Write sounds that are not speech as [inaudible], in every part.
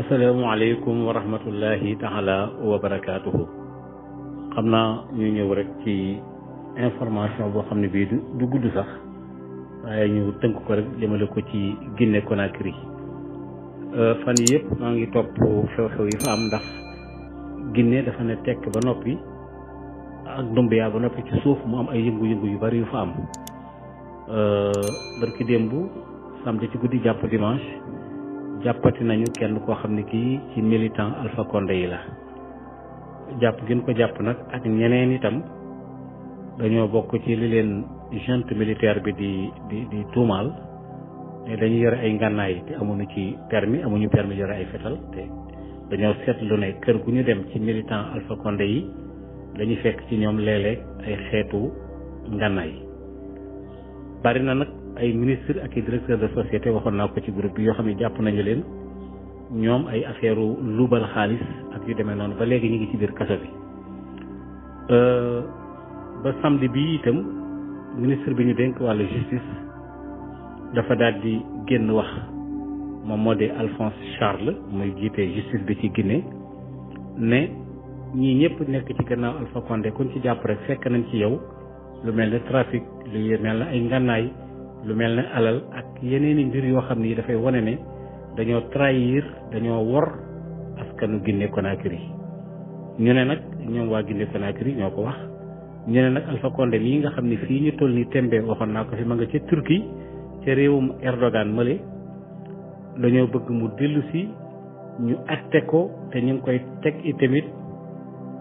asalaamualeykum wa rahmatullahi taala wa barakaatuhu xam naa ñu ñëw rek ci information boo xam ne bii du gudd sax waaye ñu tënk ko rek jëmale ko ci Guinée Conakry euh, fan yi yëpp maa ngi topp xew-xew yi fa am ndax Guinée dafa ne tekk ba noppi ak Doumbouya ba noppi ci suuf mu am ay yëngu-yëngu yu bari yu fa am euh, barki démb samedi ci guddi jàpp dimanche jàppati nañu kenn koo xam ne kii ci militant Alpha Condé yi la jàpp gën ko jàpp nag ak ñeneen itam dañoo bokk ci li leen junte militaire bi di di di tuumaal te dañuy yore ay ngànnaay te amuñu ci permis amuñu permis yore ay fetal te dañoo seetlu ne kër gu ñu dem ci militant Alpha Condé yi dañuy fekk ci ñoom léeg ay xeetu ngànnaay bari nag ay ministre ak i directeur la société waxoon naa ko ci groupe bi yoo xam ne jàpp nañu leen ñoom ay affaire luubal xaalis ak yu demee noonu ba léegi ñu ngi ci biir kaso bi euh, ba samedi bi itam ministre bi ñu dénk wàll justice dafa daal di génn wax moom moo di Alphonse Charles muy jiite justice bi ci Guinée ne ñii ñëpp nekk ci gannaaw Alpha Condé kuñ ci jàpp rek fekk nañ ci yow lu mel ne trafic lu mel ne ay ngànnaay lu mel ne alal ak yeneeni mbir yoo xam ni dafay wane ne dañoo trahir dañoo wor askanu Guinée Conakry ñu ne nag ñoom waa Guinée Conakry ñoo ko wax ñu ne nag Alpha Condé mii nga xam ne fii ñu toll ni tembe waxoon naa ko fi ma nga ca Turquie ca réewum Erdogan mële dañoo bëgg mu dellu si ñu atte ko te ñu ngi koy teg itamit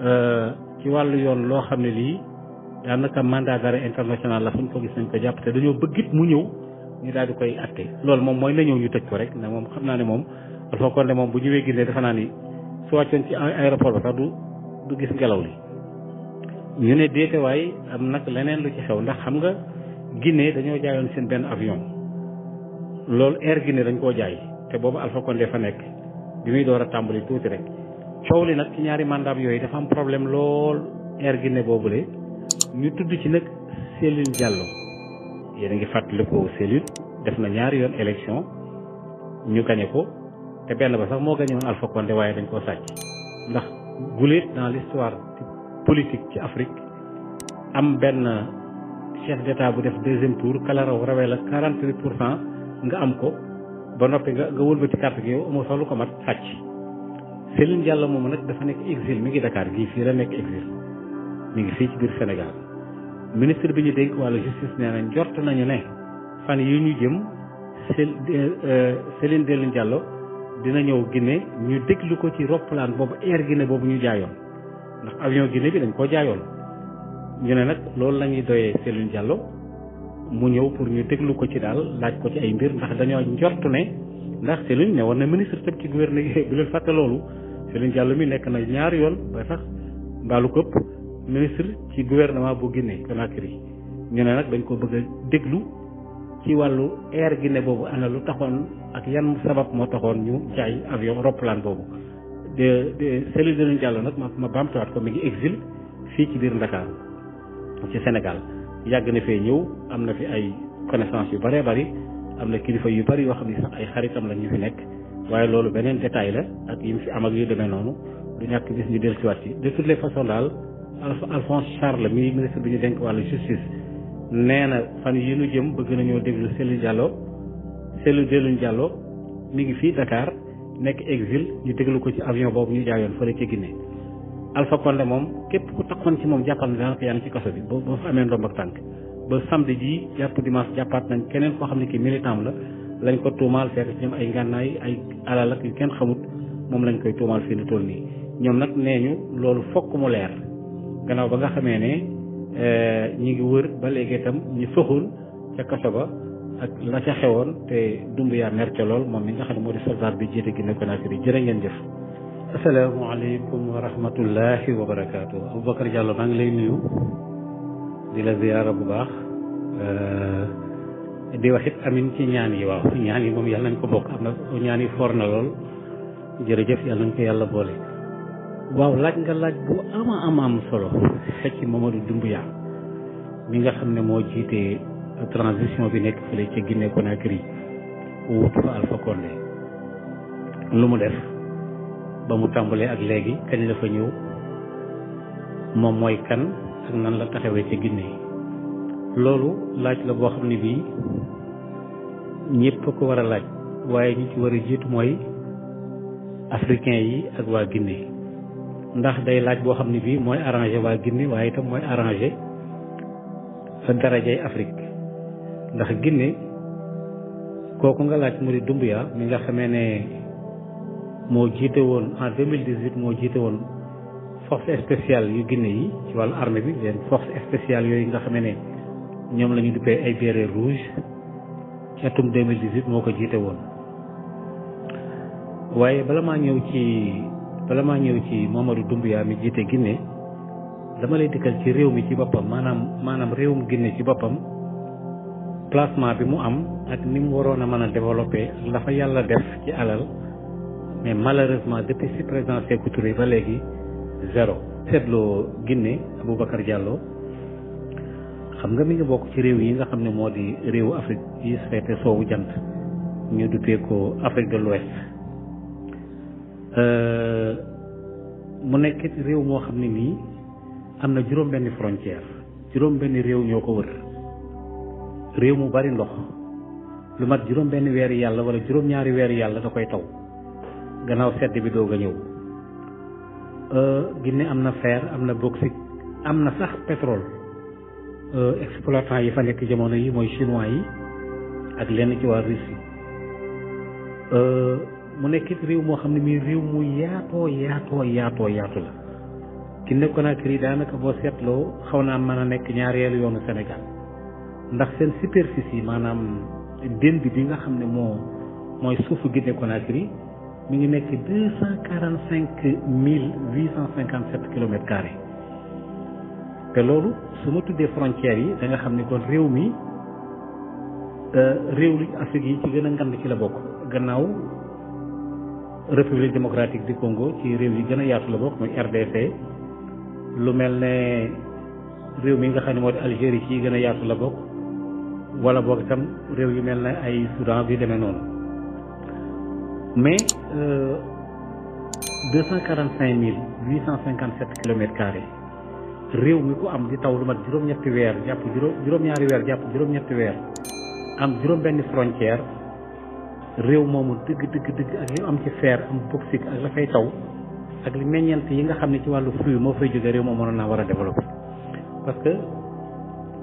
euh, ci wàllu yoon loo xam ne lii daanaka mandat d'arrêt international la fu ñu ko gis ko jàpp dañoo bëgg mu ñëw ñu daal di koy atte loolu moom mooy na ñëw ñu tëj rek ne moom xam naa ne moom Alpha Condé moom bu ñëwee Guinée defe naa ni su wàccoon ci aéroport ba du du gis ngelaw li ñu ne déete waay am nag leneen lu ci xew ndax xam nga Guinée dañoo jaayoon seen benn avion loolu Air Guinée dañ koo jaay te boobu Alpha Condé fa nekk bi muy door a tàmbali tuuti rek coow li nag ci ñaari mandat yooyu dafa am problème lool Air boobu boobule ñu tudd ci nag Cellou Diallo yéen a ngi fàttalikoo Cellou def na ñaari yoon élection ñu gañe ko te benn ba sax moo gañe woon Alpha Condé waaye dañ koo sàcc ndax guléet dans l'histoire politique ci Afrique am benn chef d'état bu def deuxième tour kala raw rawee la quarante huit pour cent nga am ko ba noppi nga nga wëlbati carte gi yow amoo ko mat sàcc Cellou Diallo moom nag dafa nekk exil mi ngi Dakar gii fii nekk exil mi ngi fii ci biir Sénégal ministre bi ñu dénk wàllu justice nee na njort nañu ne fan yu ñu jëm euh, Céline Diallo jàllo dina ñëw ginne ñu déglu ko ci roppalaan boobu Air Guinée boobu ñu jaayoon ndax avion Guinée bi dañ koo jaayoon ñu ne nag loolu la ñuy doyee Céline Diallo mu ñëw pour ñu déglu ko ci daal laaj ko ci ay mbir ndax dañoo njort ne ndax Céline ne war na ministre tam ci gouverneur [laughs] bu leen fàtte loolu Céline Diallo mi nekk na ñaari yoon ba sax mbaalu këpp ministre ci gouvernement bu Guinée Conakry ñu ne nag dañ ko bëgg déglu ci wàllu air Guinée boobu am na lu taxoon ak yan sabab moo taxoon ñu jaay avion roppalaan boobu de de Cellou Dalein Diallo nag ma ma baamtuwaat ko mi ngi exil fii ci biir ndakaar ci Sénégal yàgg na fee ñëw am na fi ay connaissance yu bëree bari am na kilifa yu bari yoo xam ne sax ay xaritam la ñu fi nekk waaye loolu beneen détail la ak yi mu fi am ak yu demee noonu du ñàkk bis ñu dellusiwaat ci de Alphonse Charles mi ministre bi ñu denk wàllu justice nee na fan yi ñu jëm bëgg nañoo déglu Cellou Diallo Cellou Dalein Diallo mi ngi fii Dakar nekk exil ñu déglu ko ci avion boobu ñu jaayoon fële ca Guinée. Alpha Condé moom képp ku taxoon ci moom jàppal na daanaka yaa ngi ci kaso bi ba ba fa amee ndomb tànk ba samedi ji jàpp dimanche jàppaat nañ keneen koo xam ne kii militant la lañ ko tuumaal fekk ci ñoom ay ngànnaay ay alal ak yu kenn xamut moom lañ koy tuumaal fii ni toll nag nee ñu loolu fokk mu leer. gannaaw ba nga xamee ne eh, ñi ngi wër ba léegi itam ñi fëxul ca kaso ba ak la ca xewoon te dumb yaa mer ca lool moom mi nga xam ne moo di soldat bi jiite Guinée Conakry jërë ngeen jëf. asalaamaaleykum wa rahmatullahi wa barakaatu. Aboubacar maa ngi lay nuyu di la ziyaara bu baax eh, di wax it amin ci ñaan yi waaw ñaan yi moom yàlla nañ ko bokk am na ñaan yi for na lool jërëjëf yàlla nañ ko yàlla boole. waaw laaj nga laaj bu ama ama am solo fekk Mamadou Doumbouya mi nga xam ne moo jiite transition bi nekk fële ca Guinée Conakry wutu fa Alpha lu mu def ba mu tàmbalee ak léegi kañ la fa ñëw moom mooy kan ak nan la taxawee ca Guinée loolu laaj la boo xam ne bii ñëpp ko war a laaj waaye ñi ci war a jiitu mooy africain yi ak waa Guinée ndax day laaj boo xam ne bii mooy arrangé waa Guinée waaye itam mooy arrangé sa darajay Afrique ndax Guinée kooku nga laaj mu di Doumbouya mi nga xamee ne moo jiite woon en deux mille dix-huit moo jiite woon force spéciale yu ginne yi ci wàllu armée bi leen force spéciale yooyu nga xamee ne ñoom la ñu duppee ay bérets rouges ci atum deux mille dix-huit moo ko jiite woon waaye bala maa ñëw ci bala maa ñëw ci moom dumbu Doumbouya mi jiite ginne dama lay dikkal ci réew mi ci boppam maanaam maanaam réewum ginne ci boppam placement bi mu am ak ni mu waroon a mën a développé la fa yàlla def ci alal mais malheureusement depuis si président Sékou Touré ba léegi zéro. seetloo Guinée Aboubacar Diallo xam nga mi ngi bokk ci réew yi nga xam ne moo di réewu Afrique yi soowu jant ñu duppee ko Afrique de l'Ouest Euh, mu nekk réew moo xam ne nii am na juróom benni frontière juróom benni réew ñoo ko wër réew mu bari ndox lu mat juróom benni weeri yàlla wala juróom ñaari weeri yàlla da koy taw gannaaw sedd bi doog a ñëw euh, Guinée am na fer am na bauxite am na sax pétrole euh, exploitant yi fa nekk jamono yi mooy chinois yi ak lenn ci waa Russie mu nekkit réew moo xam ne mii réew mu yaatoo yaatoo yaatoo yaatu la Guinée Conakry daanaka boo seetloo xaw naa mën a nekk ñaareelu yoonu Sénégal ndax seen superficie maanaam dén bi nga xam ne moo mooy suufu Guinée Conakry mu ngi nekk deux cent quarante cinq mille huit cent cinquante sept kilomètres carrés te loolu su ma tuddee frontières yi da nga xam ne kon réew mi euh, réew li Afrique yi ci gën a ngand ci la bokk gannaaw république démocratique di Congo ci réew yi gën a yaatu la bokk muy RDC lu mel ne réew mi nga xam ne moo di Algérie ci gën a yaatu la bokk wala boog itam réew yu mel ne ay Soudan bi demee noonu mais euh, deux cent quarante cinq mille huit cent cinquante sept kilomètres carrés réew mi ko am di taw lu mat juróom-ñetti weer jàpp juróom juróom-ñaari weer jàpp juróom-ñetti weer am juróom benn frontière réew moomu dëgg dëgg dëgg ak li am ci fer am bauxite ak la fay taw ak li meññeent yi nga xam ne ci wàllu fruit moo fay jóge réew moom mënoon naa war a développé parce que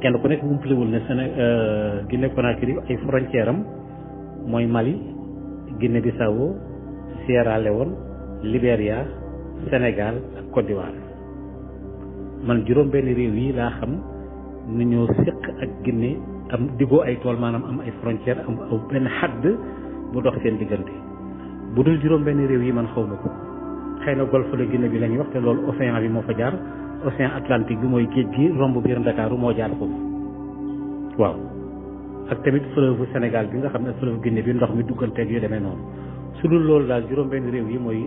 kenn ku nekk umpalewul ne Séné euh, Guinée Conakry ay frontière am mooy Mali Guinée Bissau Sierra Leone Libéria Sénégal ak Côte d'Ivoire man juróom-benn réew yi laa xam ni ñoo séq ak Guinée am diggoo ay tool maanaam am ay frontière am benn xadd bu dox seen diggante bu dul juróom benn réew yi man xaw ma ko xëy na golfe la bi lañuy ñuy wax te loolu océan bi moo fa jaar océan atlantique bi mooy géej gi romb biir Ndakaaru moo jaar foofu waaw ak tamit fleuve senegal bi nga xam ne fleuve Guinée bi ndox mi dugganteeg yu demee noonu su dul loolu daal juróom benn réew yi mooy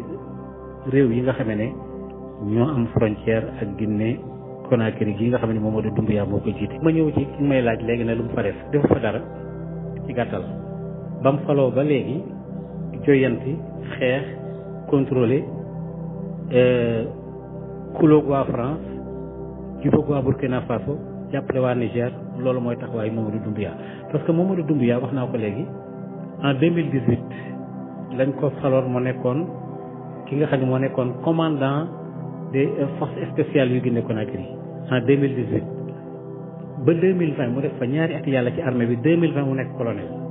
réew yi nga xamee ne ñoo am frontière ak ginne Conakry gi nga xam ne moom moo di Doumbouya moo ko jiite. ma ñëw ci may laaj léegi ne lu mu fa def defu dara ci bam faloo ba léegi joyanti xeex contrôler euh, kuloog waa France jubóog waa Burkina Faso jàppale waa Niger loolu mooy tax taxawaayu Mamadou Doumbouya parce que Mamadou Doumbouya wax naa ko léegi en 2018 lañ ko faloon moo nekkoon ki nga xam ne moo nekkoon commandant de forces spéciales yu Guinée Conakry en 2018 ba 2020 mu def fa ñaari at yàlla ci armée bi 2020 mu nekk colonel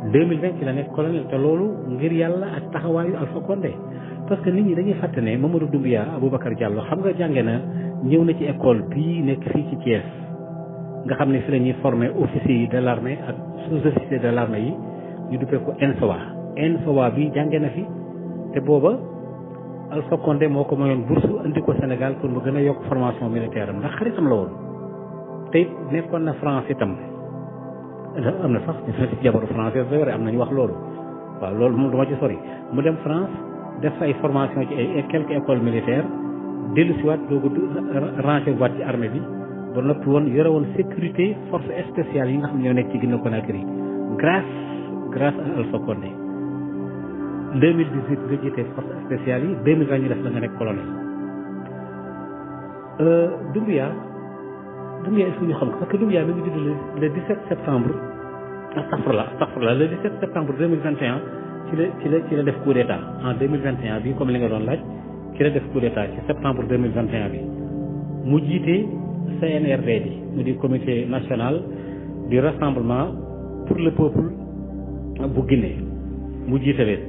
2020 ci la nekk colonel te loolu ngir yàlla ak taxawaayu Alpha Condé parce que nit ñi dañuy fàtte ne Mamadou Doumbia Aboubacar Diallo xam nga jànge na ñëw na ci école bi nekk fii ci Thiès nga xam ne fi la ñuy formé officiers yi de l' ak sous-officiers de l' armée yi ñu duppee ko ENSOA ENSOA bi jànge na fi te booba Alpha Condé moo ko mayoon bourse indi ko Sénégal pour mu gën a yokk formation militaire am ndax xaritam la woon te nekkoon na France itam. am na sax jabaru français la yore am nañu wax loolu waaw loolu moom duma ci sori mu dem France def ay formation ci ay quelques écoles militaires dellu si waat doogu rangé waat ci armée bi ba noppi woon yore woon sécurité force spéciale yi nga xam ne ñoo nekk ci Guinée Conakry grâce grâce à Alpha Condé 2018 nga jiite force spéciale yi 2020 ñu def la nga nekk colonel euh, Doumbia il faut ñu xam ko parce que Doumbia mi ngi judd le 17 septembre astafurlah astafurlah le 17 septembre 2021 ci la ci la ci la def coup d'état en 2021 bi comme li nga doon laaj ci la def coup d'état ci septembre 2021 bi mu jiite CNRD bi mu di comité national du rassemblement pour le peuple bu Guinée mu jiite leen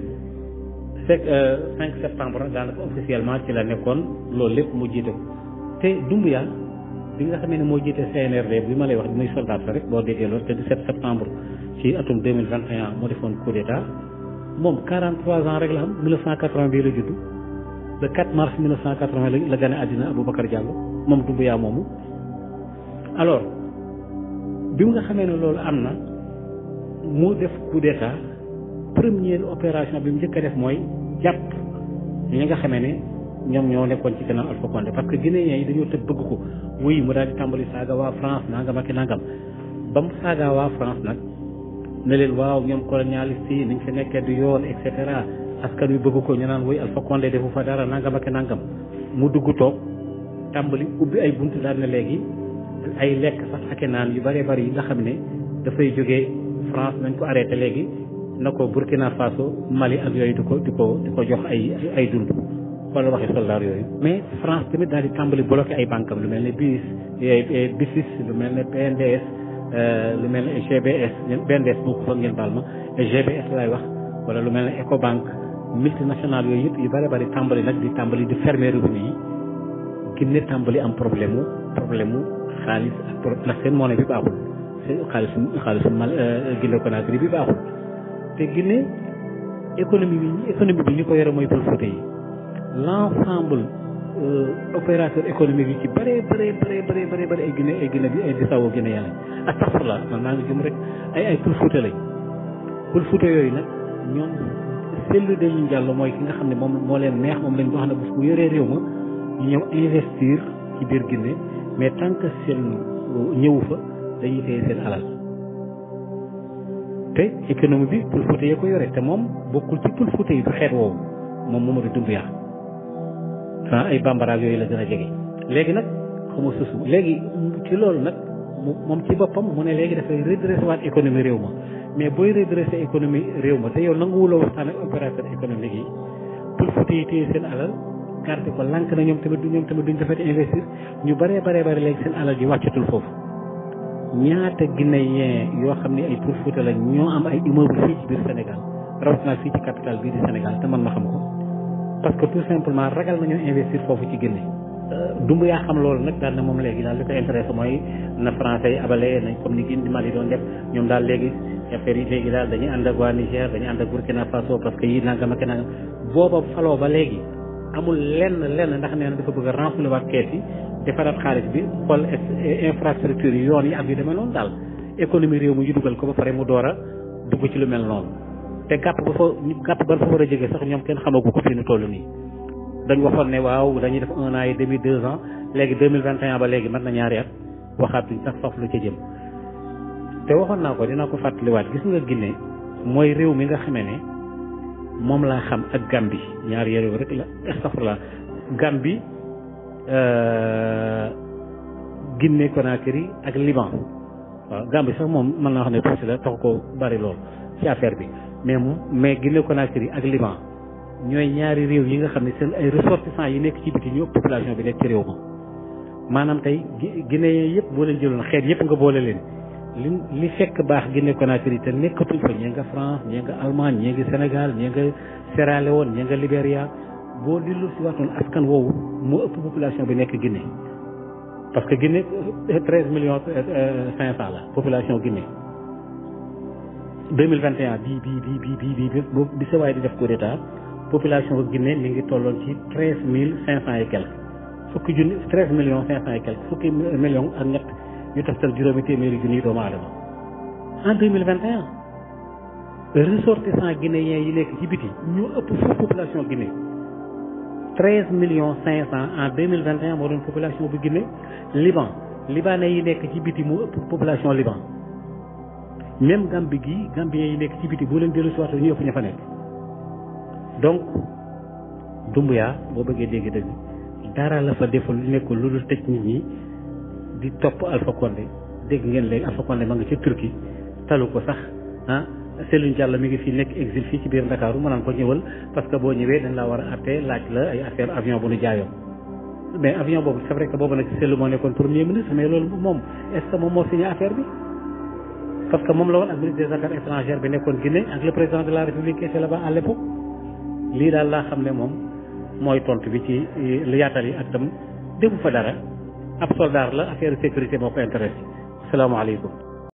fekk euh, septembre nag daanaka officiellement ci la nekkoon loolu lépp mu jiite ko te Doumbia bi nga xamee ne moo jiite CNRD bi ma lay wax bi muy soldat sa rek boo déggee loolu te 17 septembre ci atum 2021 moo defoon coup d'état moom 43 ans rek la am 1980 bii la judd le 4 mars 1980 la la gane àddina Aboubacar Diallo moom Doumbouya moomu alors bi mu nga xamee ne loolu am na mu def coup d'état première opération bi mu njëkk a def mooy jàpp ñi nga xamee ne ñoom ñoo nekkoon ci kanam a Condé parce que guinéens yi dañoo tëb bëgg ko wuy mu daal di tàmbali saaga waa France nangam ak nangam ba mu saaga waa France nag ne leen waaw ñoom colonialiste yi niñ fi nekkee du yoon et cetera askan wi bëgg ko ñu naan wuy Alpha Condé defu fa dara nangam ak nangam mu dugg toog tàmbali ubbi ay bunt daal ne léegi ay lekk sax ak naan yu bëree bëri yi nga xam ne dafay jóge France nañ ko arrêté léegi na ko Burkina Faso Mali ak yooyu di ko di ko jox ay ay dund. xoolal waxi soldaar yooyu mais France tamit daal di tàmbali bloqué ay banque lu mel ne BIS eh, eh, BICIS lu mel ne PNDS euh, lu mel ne GBS PNDS bu ko GBS laay wax wala lu mel ne Ecobank multinationale yooyu yëpp yu bëri bëri tàmbali nag di tàmbali di fermer robinet yi Guinée tàmbali am problème mu problème mu xaalis ak ndax seen monnaie bi baaxul euh, bi baaxul te Guinée économie bi économie bi ñu ko yore mooy pël Fuuta yi l'ensemble euh, opérateur économique yi ci bëree bëree bëree bëree bëree bëri ay Guinée ay Guinée bi ay Bissau Guinée yaa lañ astaghfirullah man maa ngi jëm rek ay ay Pël Fuuta lañ Pël Fuuta yooyu nag ñoom sellu dañu jàll mooy ki nga xam ne moom moo leen neex moom lañ wax ne bés bu yoree réew ma ñu ñëw investir ci biir Guinée mais tant que seen euh, ñëwu fa dañuy téye seen alal te économie bi Pël Fuuta yee ko yore te moom bokkul ci Pël Fuuta yi du xeet woowu moom Mamadou Doumbouya ah ay bambaraag yooyu la gën a jege léegi nag xamu susu léegi ci loolu nag moom ci boppam mu ne léegi dafay redressé économie réew ma mais booy redressé économie réew ma te yow nanguwuloo waxtaan ak opérateur économique yi pour fu téye téye seen alal garde ko lànk na ñoom tamit du ñoom tamit duñ defati investir ñu baree baree bari léegi seen alal ji wàccatul foofu ñaata guinéen yoo xam ni ay Pël Fuuta la ñoo am ay immeuble fii ci biir Sénégal rawatina fii te man ma xam ko parce que tout simplement ragal nañu investir foofu ci Guinée euh, dumb yaa xam loolu nag daal na moom léegi daal li ko intéressé mooy na français yi abalee nañ comme ni Guinée di Mali doon def ñoom daal léegi affaire yi léegi daal dañuy ànd ak waa Niger dañuy ànd ak Burkina Faso parce que yi nangam ak nangam booba faloo ba léegi amul lenn lenn ndax nee na dafa bëgg a renfouler waat kees yi defaraat xaalis bi xool infrastructure yi yoon yi ak yu demee noonu daal économie réew mi ñu dugal ko ba pare door a ci lu mel noonu te gàpp ba fa gàpp ba fa war a jógee sax ñoom kenn xamagu ko fi ñu toll nii dañ waxoon ne waaw dañuy def un an et demi deux ans léegi deux mille vingt et un ba léegi mën na ñaari at waxaatuñ sax foofu lu ca jëm te waxoon naa ko dinaa ko fàttaliwaat gis nga Guinée mooy réew mi nga xamee ne moom laa xam ak Gambie ñaari réew rek la astafurla Gambie euh, Guinée Conakry ak Liban waaw Gambie sax moom mën naa xam ne tuuti la tax ko bari lool ci affaire bi mais mais Guinée yi ak Liban ñooy ñaari réew yi nga xam ne seen ay ressortissants yi nekk ci biti ñu ëpp population bi nekk ci réew ma maanaam tey Guinée yëpp boo leen jëloon xeet yëpp nga boole leen li li fekk baax Guinée Conakry te nekkatul fa ñee nga France ñee nga Allemagne ñee nga Sénégal ñee nga Sierra Leone ñee nga Libéria boo dellu si waxtoon askan woowu moo ëpp population bi nekk Guinée parce que Guinée treize millions euh, euh, cinq cent la population Guinée deux mille vingt et un bii bii bii bii bii bii bi Sewaaye di def coup d'état population bu Guinée mi ngi tolloon ci treize mille cinq cent et quelque fukki junni ak ñett yu toftal juróomi téeméeri junni doomu aadama en deux mille vingt et un ressortissants guinéens nekk ci biti ñu treize millions cinq cent en deux mille vingt et moo doon population bu Guinée Liban libanais yi nekk ci biti mu ëpp population Liban même Gambie gii Gambien yi nekk ci biti boo leen dellu si waatoo ñu ëpp ña fa nekk donc Dumbuya boo bëggee dégg dëgg dara la fa deful nekkul lu dul tëj nit ñi di topp Alpha Condé dégg ngeen léegi Alpha Condé ma nga ca Turquie talu ko sax ah Cellou Diallo mi ngi fi nekk exil fii ci biir Ndakaaru ma naan ko ñëwal parce que boo ñëwee dañ laa war a atte laaj la ay affaire avion bu nu jaayoo mais avion boobu c'est vrai que boobu nag Cellou moo nekkoon premier ministre mais parce que moom la woon ak ministre des affaires étrangères bi nekkoon Guinée ak le président de la république qui était là lii daal laa xam ne moom mooy tontu bi ci lu yaatal yi ak tam déggu fa dara ab soldaar la affaire sécurité moo ko intéressé asalaamaaleykum